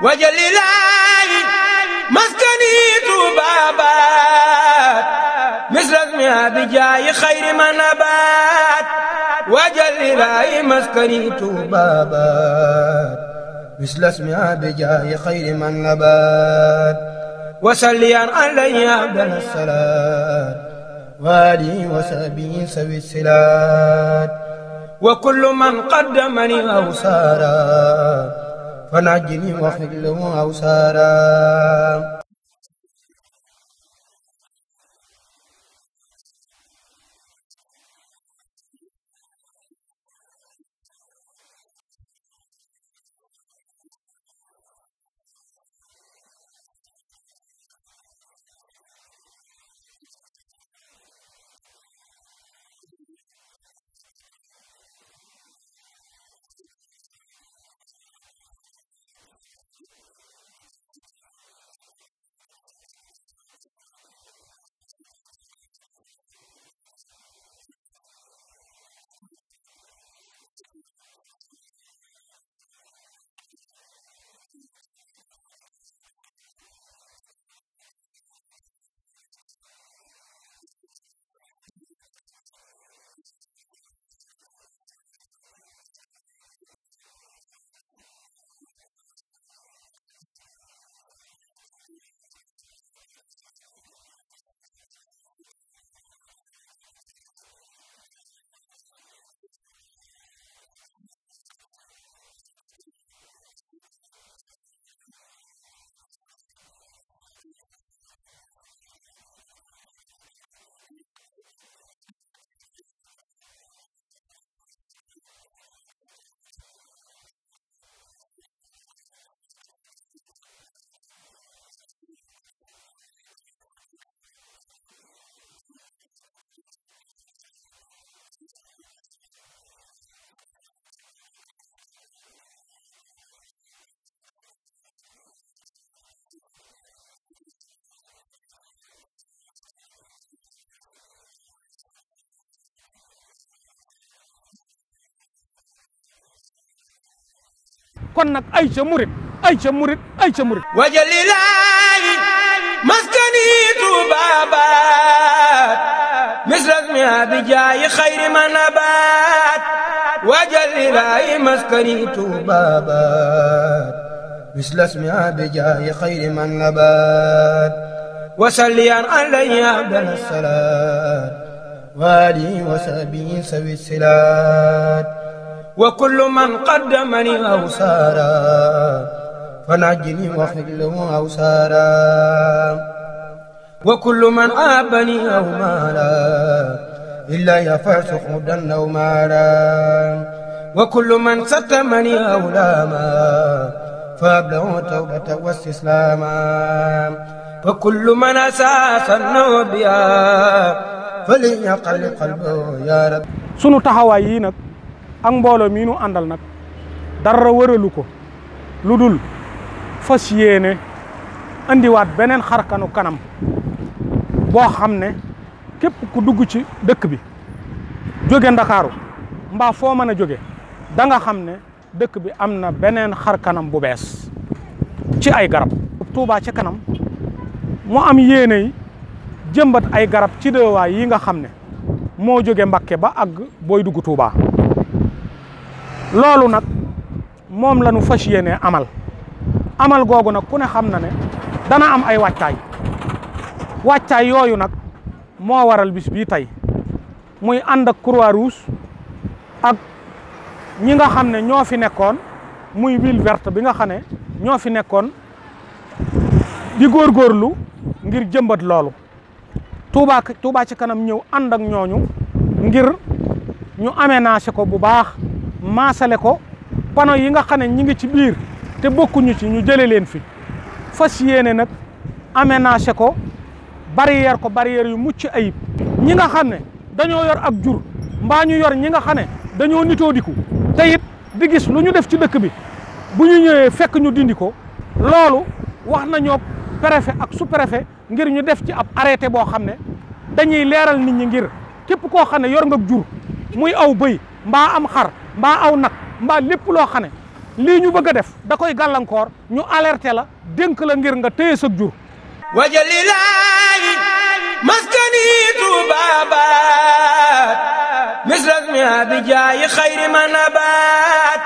wajalilaayi maskani tuubaabaat misras mi abijaayi xayri manabaat wajalilaayi maskani tuubaabaat misras mi abijaayi xayri manabaat wasalliyan alayhi abdal salaat waalihi wa sahbihi sawi silaat wa kullu man qaddamani aw saara ونجني وخذله أوسارا kon nag ay ca murit ay ca murit ay ca murit wajalilaayi maskani tubabat misras mi abijaayi xayri manabat wajalilaayi maskani tubabat misras mi abijaayi xayri manabat wasalliyan alayhi abdana salaat waali wa sahbihi sawi silaat وكل من قدمني أوسارا فنجني وخله أوسارا وكل من آبني أو مالا إلا يفعس خدا أو مالا وكل من ستمني أو لاما فأبلغ توبة واستسلاما وكل من أساس النوبيا فليقل قلبه يا رب sunu taxawaay yii nag ak mbooloo mii nu àndal nag dara wëralu ko lu dul fas yéene indiwaat beneen xarkanu kanam boo xam ne képp ku dugg ci dëkk bi jóge ndakaaru mbaa foo mën a jóge da nga xam ne dëkk bi am na beneen xar kanam bu bees ci ay garab tuubaa ci kanam mu am yéene yi jëmbat ay garab ci dëwaay yi nga xam ne moo jóge mbakke ba àgg booy dugg tuubaa loolu nag moom la ñu fas yéene amal amal googu nag ku ne xam na ne dana am ay wàccaay wàccaay yooyu nag moo waral bis bii tey muy ànd ak croix ak ñi nga xam ne ñoo fi nekkoon muy ville vert bi nga xam ne ñoo fi nekkoon di góorgóorlu ngir jëmbat loolu Touba Touba ci kanam ñëw ànd ak ñooñu ngir ñu aménagé ko bu baax maasale ko panneau yi nga xam ne ñi ngi ci biir te bokkuñu ci ñu jëlee leen fi fas yéene nag aménagé ko barrière ko barrière yu mucc ayib ñi nga xam ne dañoo yor ak jur mbaa ñu yor ñi nga xam ne dañoo nitoo diku te di gis lu ñu def ci dëkk bi bu ñu ñëwee fekk ñu dindi ko loolu wax nañoo préfet ak sous préfet ngir ñu def ci ab arrêté boo xam ne dañuy leeral nit ñi ngir képp koo xam ne yor nga jur muy aw bëy mbaa am xar mbaa aw nag mbaa lépp loo xam ne lii ñu bëgg a def da koy gàllankoor ñu alerter la dénk la ngir nga téye sa jur wajalilaayi maskanitu baabaat misras mi abijaayi xayri ma nabaat